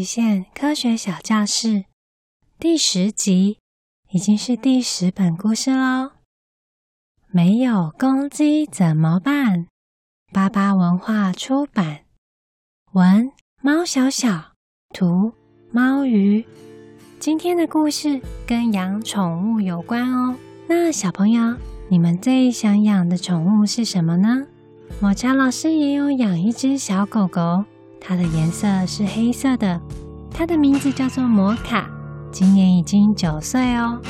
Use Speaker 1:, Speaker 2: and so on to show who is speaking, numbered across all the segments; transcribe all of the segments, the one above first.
Speaker 1: 《極限科學小教室》第十集，已經是第十本故事嘍。沒有公雞怎麼辦？巴巴文化出版，文貓小小，圖貓魚。今天的故事跟養寵物有關哦。那小朋友，你們最想養的寵物是什麼呢？某家老師也有養一隻小狗狗。它的顏色是黑色的，它的名字叫做摩卡，今年已經九歲哦，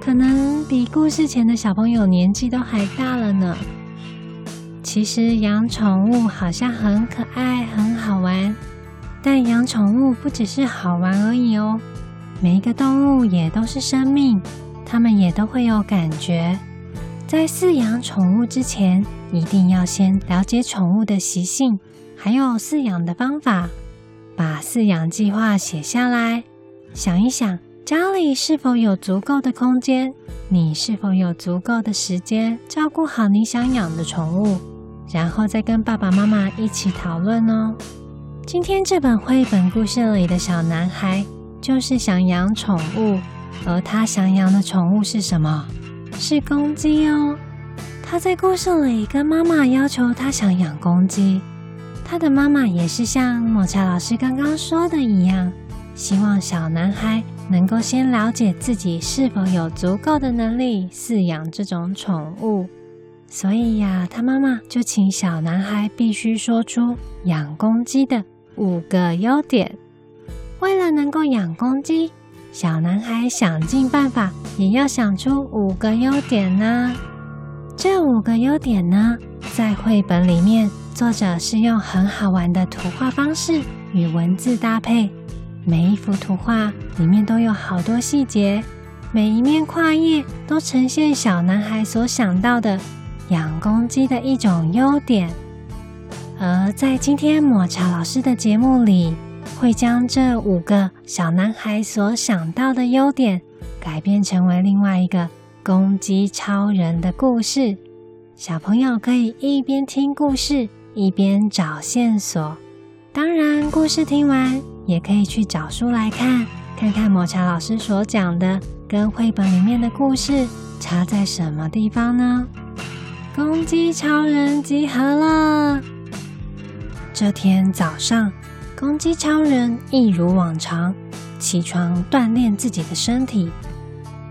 Speaker 1: 可能比故事前的小朋友年紀都還大了呢。其實養寵物好像很可愛、很好玩，但養寵物不只是好玩而已哦。每一個動物也都是生命，它們也都會有感覺。在飼養寵物之前，一定要先了解寵物的習性。還有飼養的方法，把飼養計劃寫下來，想一想家裡是否有足夠的空間，你是否有足夠的時間照顧好你想養的寵物，然後再跟爸爸媽媽一起討論哦。今天這本繪本故事裡的小男孩就是想養寵物，而他想養的寵物是什麼？是公雞哦。他在故事裡跟媽媽要求他想養公雞。他的媽媽也是像抹茶老師剛剛說的一樣，希望小男孩能夠先了解自己是否有足夠的能力飼養這種寵物。所以呀，他媽媽就請小男孩必須說出養公雞的五個優點。為了能夠養公雞，小男孩想盡辦法也要想出五個優點呢。這五個優點呢，在繪本裡面，作者是用很好玩的圖畫方式與文字搭配。每一幅圖畫裡面都有好多細節，每一面跨頁都呈現小男孩所想到的養公雞的一種優點。而在今天抹茶老師的節目裡，會將這五個小男孩所想到的優點，改變成為另外一個。公雞超人的故事，小朋友可以一邊聽故事一邊找線索。當然，故事聽完也可以去找書來看，看看抹茶老師所講的跟繪本裡面的故事差在什麼地方呢？公雞超人集合了。這天早上，公雞超人一如往常起床鍛鍊自己的身體。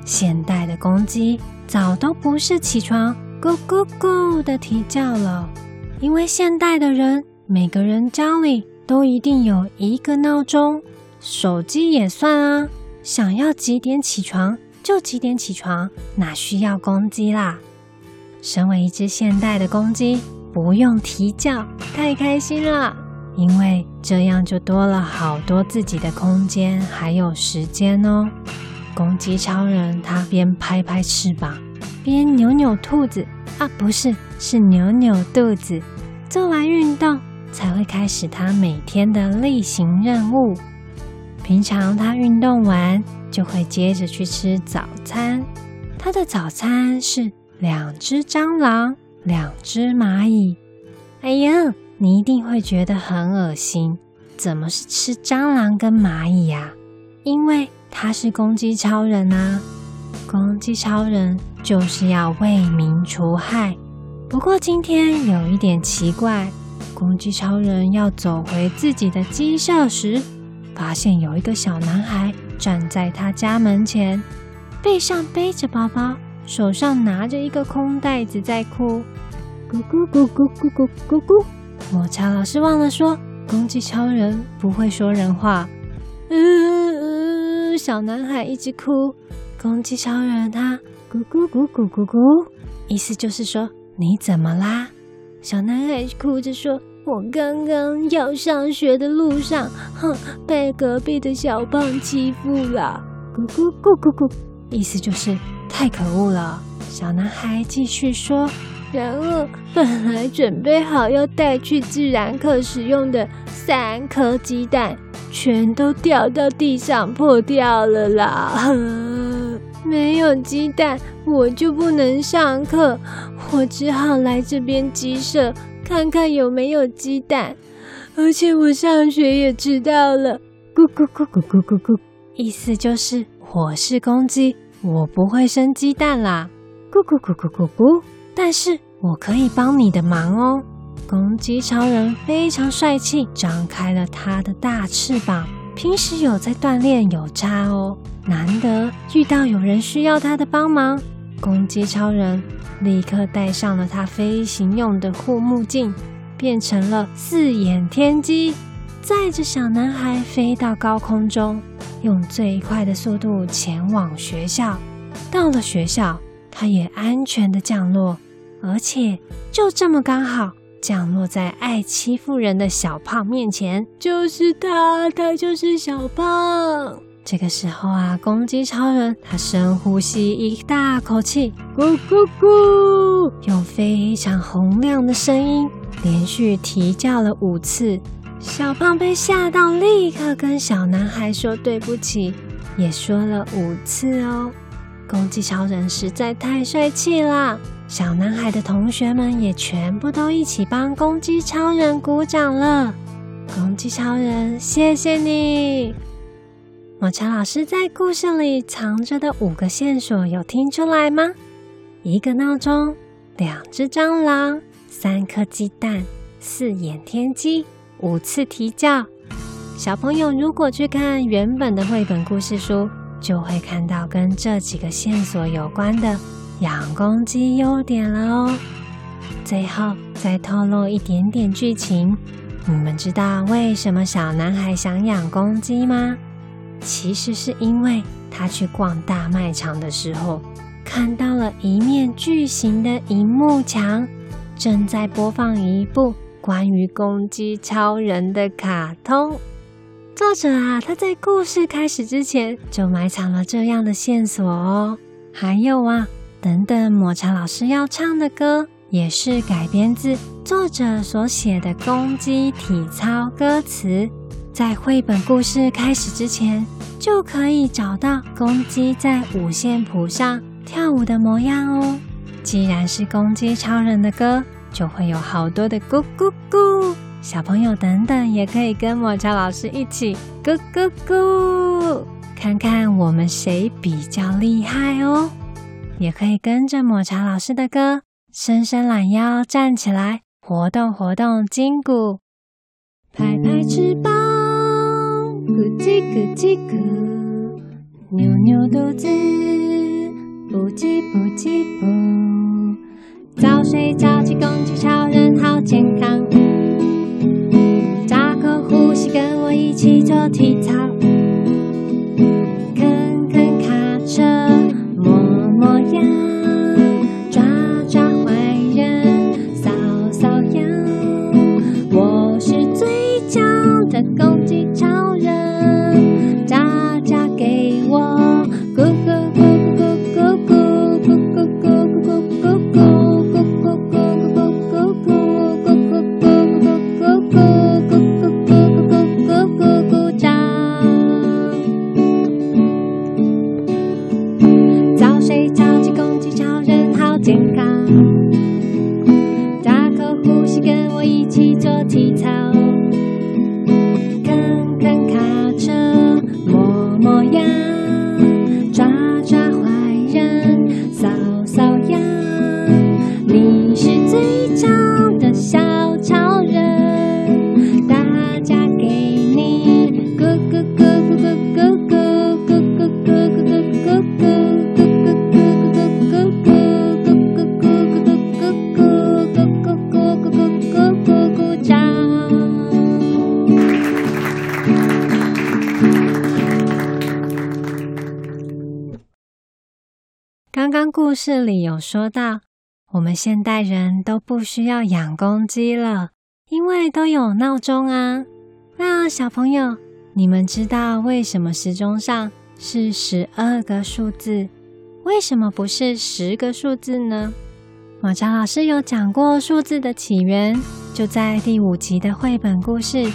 Speaker 1: 現代的公雞早都不是起床咕咕咕的啼叫了，因為現代的人每個人家裡都一定有一個鬧鐘，手機也算啊。想要幾點起床就幾點起床，哪需要公雞啦？身為一隻現代的公雞，不用啼叫，太開心了，因為這樣就多了好多自己的空間還有時間哦。公雞超人他邊拍拍翅膀，邊扭扭兔子啊，不是，是扭扭肚子。做完運動才會開始他每天的例行任務。平常他運動完就會接着去吃早餐。他的早餐是兩只蟑螂，兩只螞蟻。哎呀，你一定會覺得很惡心，怎麼是吃蟑螂跟螞蟻呀？因為。他是公雞超人啊！公雞超人就是要為民除害。不過今天有一點奇怪，公雞超人要走回自己的雞舍時，發現有一個小男孩站在他家門前，背上背着包包，手上拿着一個空袋子在哭，咕咕咕咕咕咕咕咕。抹茶老師忘了說，公雞超人不會說人話。嗯。小男孩一直哭，公雞超人他、啊、咕咕咕咕咕咕，意思就是說你怎麼啦？小男孩哭着說：“我剛剛要上學的路上，哼，被隔壁的小胖欺負了。”咕咕咕咕咕，意思就是太可惡了。小男孩繼續說，然後本來準備好要帶去自然課使用的三顆雞蛋。全都掉到地上破掉了啦！ 沒有雞蛋，我就不能上課。我只好來這邊雞舍看看有沒有雞蛋。而且我上學也遲到了。咕咕咕咕咕咕咕，意思就是我是公雞，我不會生雞蛋啦。咕咕咕咕咕咕，但是我可以幫你的忙哦。公雞超人非常帥氣，張開了他的大翅膀。平時有在鍛鍊，有差哦。難得遇到有人需要他的幫忙，公雞超人立刻戴上了他飛行用的護目鏡，變成了四眼天雞，載着小男孩飛到高空中，用最快的速度前往學校。到了學校，他也安全的降落，而且就這麼剛好。降落在愛欺負人的小胖面前，就是他，他就是小胖。這個時候啊，公雞超人他深呼吸一大口氣，咕咕咕，用非常洪亮的聲音連續啼叫了五次。小胖被嚇到，立刻跟小男孩說對不起，也說了五次哦。公雞超人實在太帥氣啦！小男孩的同學們也全部都一起幫公雞超人鼓掌了。公雞超人，謝謝你！抹茶老師在故事裡藏着的五個線索，有聽出來嗎？一個鬧鐘，兩隻蟑螂，三顆雞蛋，四眼天雞，五次啼叫。小朋友如果去看原本的繪本故事書，就會看到跟這幾個線索有關的養公雞優點了哦。最後再透露一點點劇情，你們知道為什麼小男孩想養公雞嗎？其實是因為他去逛大賣場的時候，看到了一面巨型的螢幕牆，正在播放一部關於公雞超人的卡通。作者啊，他在故事開始之前就埋藏了這樣的線索哦。還有啊。等等，抹茶老師要唱的歌也是改編自作者所寫的《公雞體操》歌詞，在繪本故事開始之前，就可以找到公雞在五線譜上跳舞的模樣哦。既然是公雞超人的歌，就會有好多的“咕咕咕”，小朋友等等也可以跟抹茶老師一起“咕咕咕”，看看我們誰比較厲害哦。也可以跟着抹茶老師的歌，伸伸懶腰，站起來，活動活動筋骨，拍拍翅膀，咕嘰咕嘰咕，扭扭肚子，噗嘰噗嘰噗，早睡早起，公雞超人好健康，嗯、大口呼吸，跟我一起做體操。嗯嗯故事裡有說到，我們現代人都不需要養公雞了，因為都有鬧鐘啊。那小朋友，你們知道為什麼時鐘上是十二個數字，為什麼不是十個數字呢？馬超老師有講過數字的起源，就在第五集的繪本故事，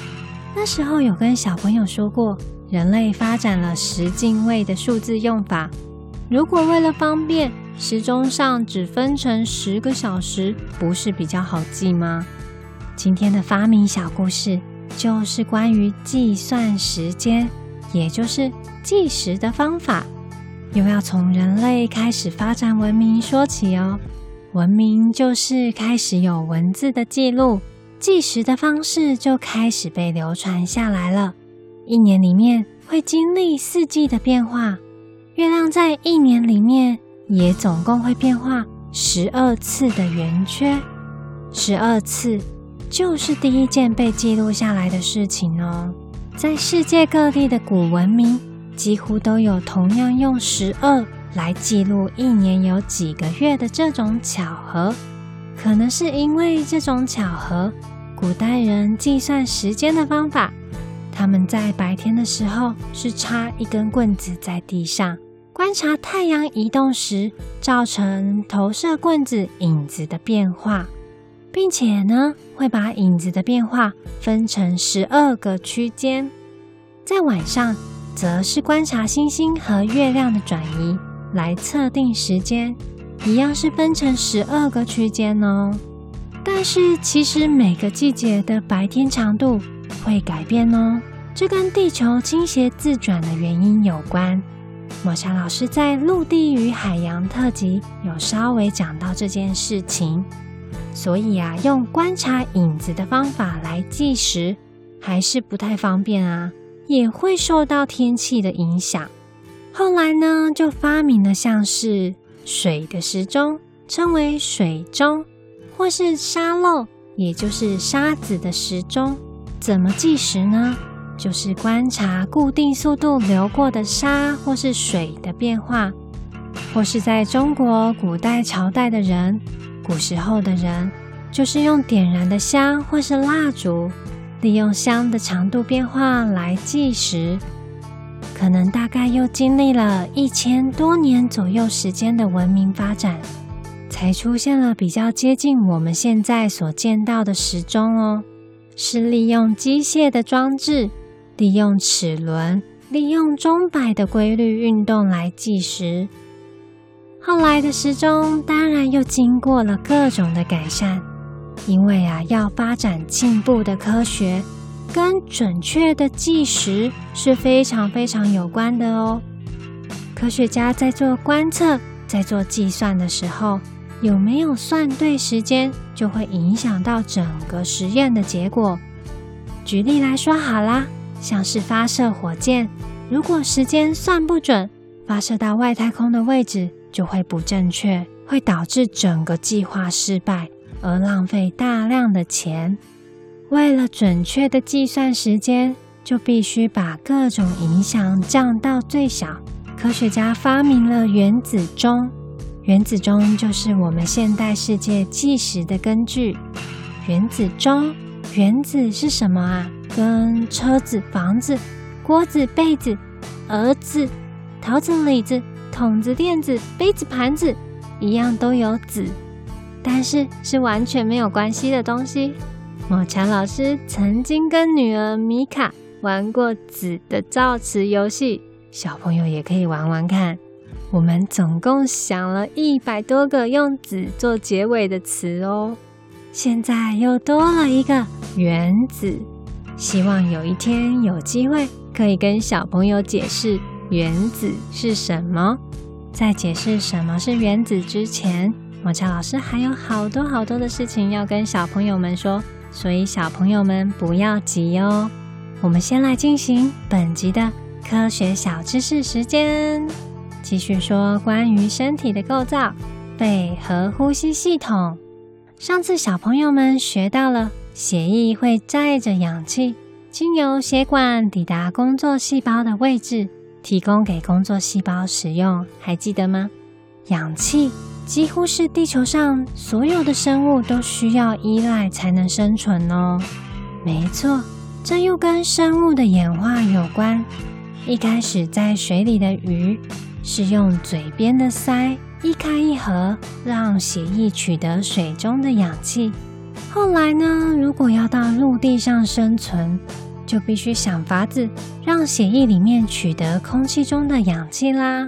Speaker 1: 那時候有跟小朋友說過，人類發展了十進位的數字用法，如果為了方便。時鐘上只分成十個小時，不是比較好記嗎？今天的發明小故事就是關於計算時間，也就是計時的方法。又要從人類開始發展文明說起哦。文明就是開始有文字的記錄，計時的方式就開始被流傳下來了。一年裡面會經歷四季的變化，月亮在一年裡面。也總共會變化十二次的圓缺，十二次就是第一件被記錄下來的事情哦。在世界各地的古文明，幾乎都有同樣用十二來記錄一年有幾個月的這種巧合。可能是因為這種巧合，古代人計算時間的方法，他們在白天的時候是插一根棍子在地上。觀察太陽移動時，造成投射棍子影子的變化，並且呢，會把影子的變化分成十二個區間。在晚上，則是觀察星星和月亮的轉移來測定時間，一樣是分成十二個區間哦。但是，其實每個季節的白天長度會改變哦，這跟地球傾斜自轉的原因有關。抹茶老師在陸地與海洋特輯有稍微講到這件事情，所以啊，用觀察影子的方法來計時，還是不太方便啊，也會受到天氣的影響。後來呢，就發明了像是水的時鐘，稱為水鐘，或是沙漏，也就是沙子的時鐘。怎麼計時呢？就是觀察固定速度流過的沙或是水的變化，或是在中國古代朝代的人，古時候的人，就是用點燃的香或是蠟燭，利用香的長度變化來計時。可能大概又經歷了一千多年左右時間的文明發展，才出現了比較接近我們現在所見到的時鐘哦，是利用機械的裝置。利用齒輪，利用鐘擺的規律運動來計時。後來的時鐘當然又經過了各種的改善，因為啊，要發展進步的科學，跟準確的計時是非常非常有關的哦。科學家在做觀測、在做計算的時候，有沒有算對時間，就會影響到整個實驗的結果。舉例來說，好啦。像是發射火箭，如果時間算不準，發射到外太空的位置就會不正確，會導致整個計劃失敗，而浪費大量的錢。為了準確的計算時間，就必須把各種影響降到最小。科學家發明了原子鐘，原子鐘就是我們現代世界計時的根據。原子鐘，原子是什麼啊？跟車子、房子、鍋子、被子、兒子、桃子、李子、桶子、墊子、杯子、盤子、盤子一樣，都有“子”，但是是完全沒有關係的東西。某強老師曾經跟女兒米卡玩過“子”的造詞遊戲，小朋友也可以玩玩看。我們總共想了一百多個用“子”做結尾的詞哦，現在又多了一個“原子”。希望有一天有機會可以跟小朋友解釋原子是什麼。在解釋什麼是原子之前，莫查老師還有好多好多的事情要跟小朋友們說，所以小朋友們不要急哦。我們先來進行本集的科學小知識時間，繼續說關於身體的構造——肺和呼吸系統。上次小朋友們學到了。血液會載着氧氣，經由血管抵達工作細胞的位置，提供給工作細胞使用。還記得嗎？氧氣幾乎是地球上所有的生物都需要依賴才能生存哦。沒錯，這又跟生物的演化有關。一開始在水裡的魚，是用嘴邊的鰓一開一合，讓血液取得水中的氧氣。後來呢？如果要到陸地上生存，就必須想法子讓血液裡面取得空氣中的氧氣啦。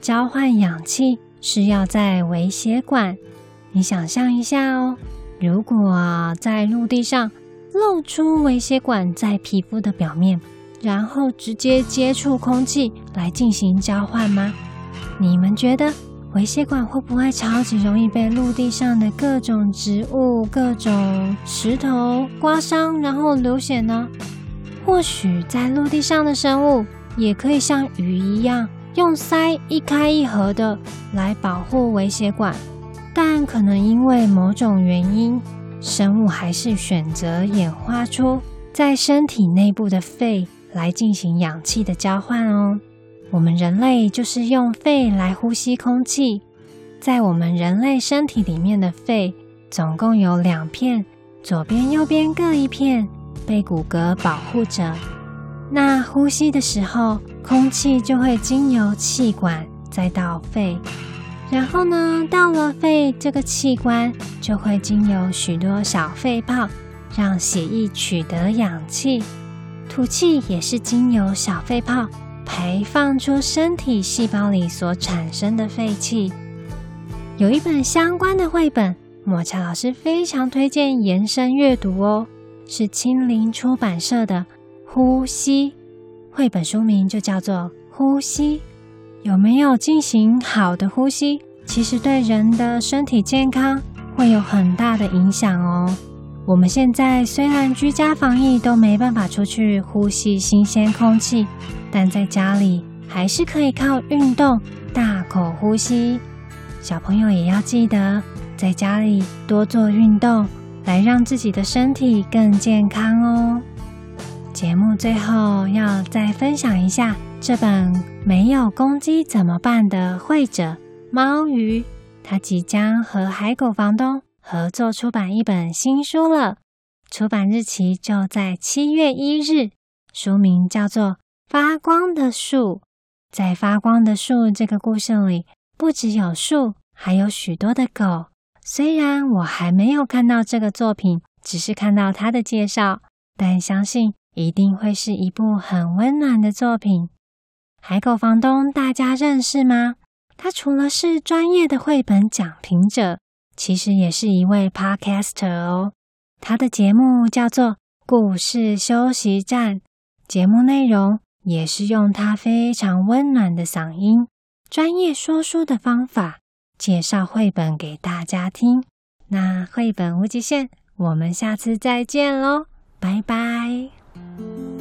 Speaker 1: 交換氧氣是要在微血管，你想象一下哦。如果在陸地上露出微血管在皮膚的表面，然後直接接觸空氣來進行交換嗎？你們覺得？微血管會不會超級容易被陸地上的各種植物、各種石頭刮傷，然後流血呢？或許在陸地上的生物也可以像魚一樣，用鰓一開一合的來保護微血管，但可能因為某種原因，生物還是選擇演化出在身體內部的肺來進行氧氣的交換哦。我們人類就是用肺來呼吸空氣，在我們人類身體裡面的肺總共有兩片，左邊、右邊各一片，被骨骼保護着。那呼吸的時候，空氣就會經由氣管再到肺，然後呢，到了肺這個器官，就會經由許多小肺泡，讓血液取得氧氣。吐氣也是經由小肺泡。排放出身體細胞裡所產生的廢氣，有一本相關的繪本，莫查老師非常推薦延伸閱讀哦，是青林出版社的《呼吸》繪本，書名就叫做《呼吸》。有沒有進行好的呼吸，其實對人的身體健康會有很大的影響哦。我們現在雖然居家防疫，都沒辦法出去呼吸新鮮空氣，但在家裡還是可以靠運動大口呼吸。小朋友也要記得，在家裡多做運動，來讓自己的身體更健康哦。節目最後要再分享一下這本《沒有公雞怎麼辦》的繪者貓魚，他即將和海狗房東合作出版一本新書了，出版日期就在七月一日。書名叫做《發光的樹》。在《發光的樹》這個故事裡，不只有樹，還有許多的狗。雖然我還沒有看到這個作品，只是看到它的介紹，但相信一定會是一部很溫暖的作品。海狗房東，大家認識嗎？他除了是專業的繪本講評者，其實也是一位 podcaster 哦，他的節目叫做《故事休息站》，節目內容也是用他非常溫暖的嗓音、專業說書的方法，介紹繪本給大家聽。那繪本無極限，我們下次再見嘍，拜拜。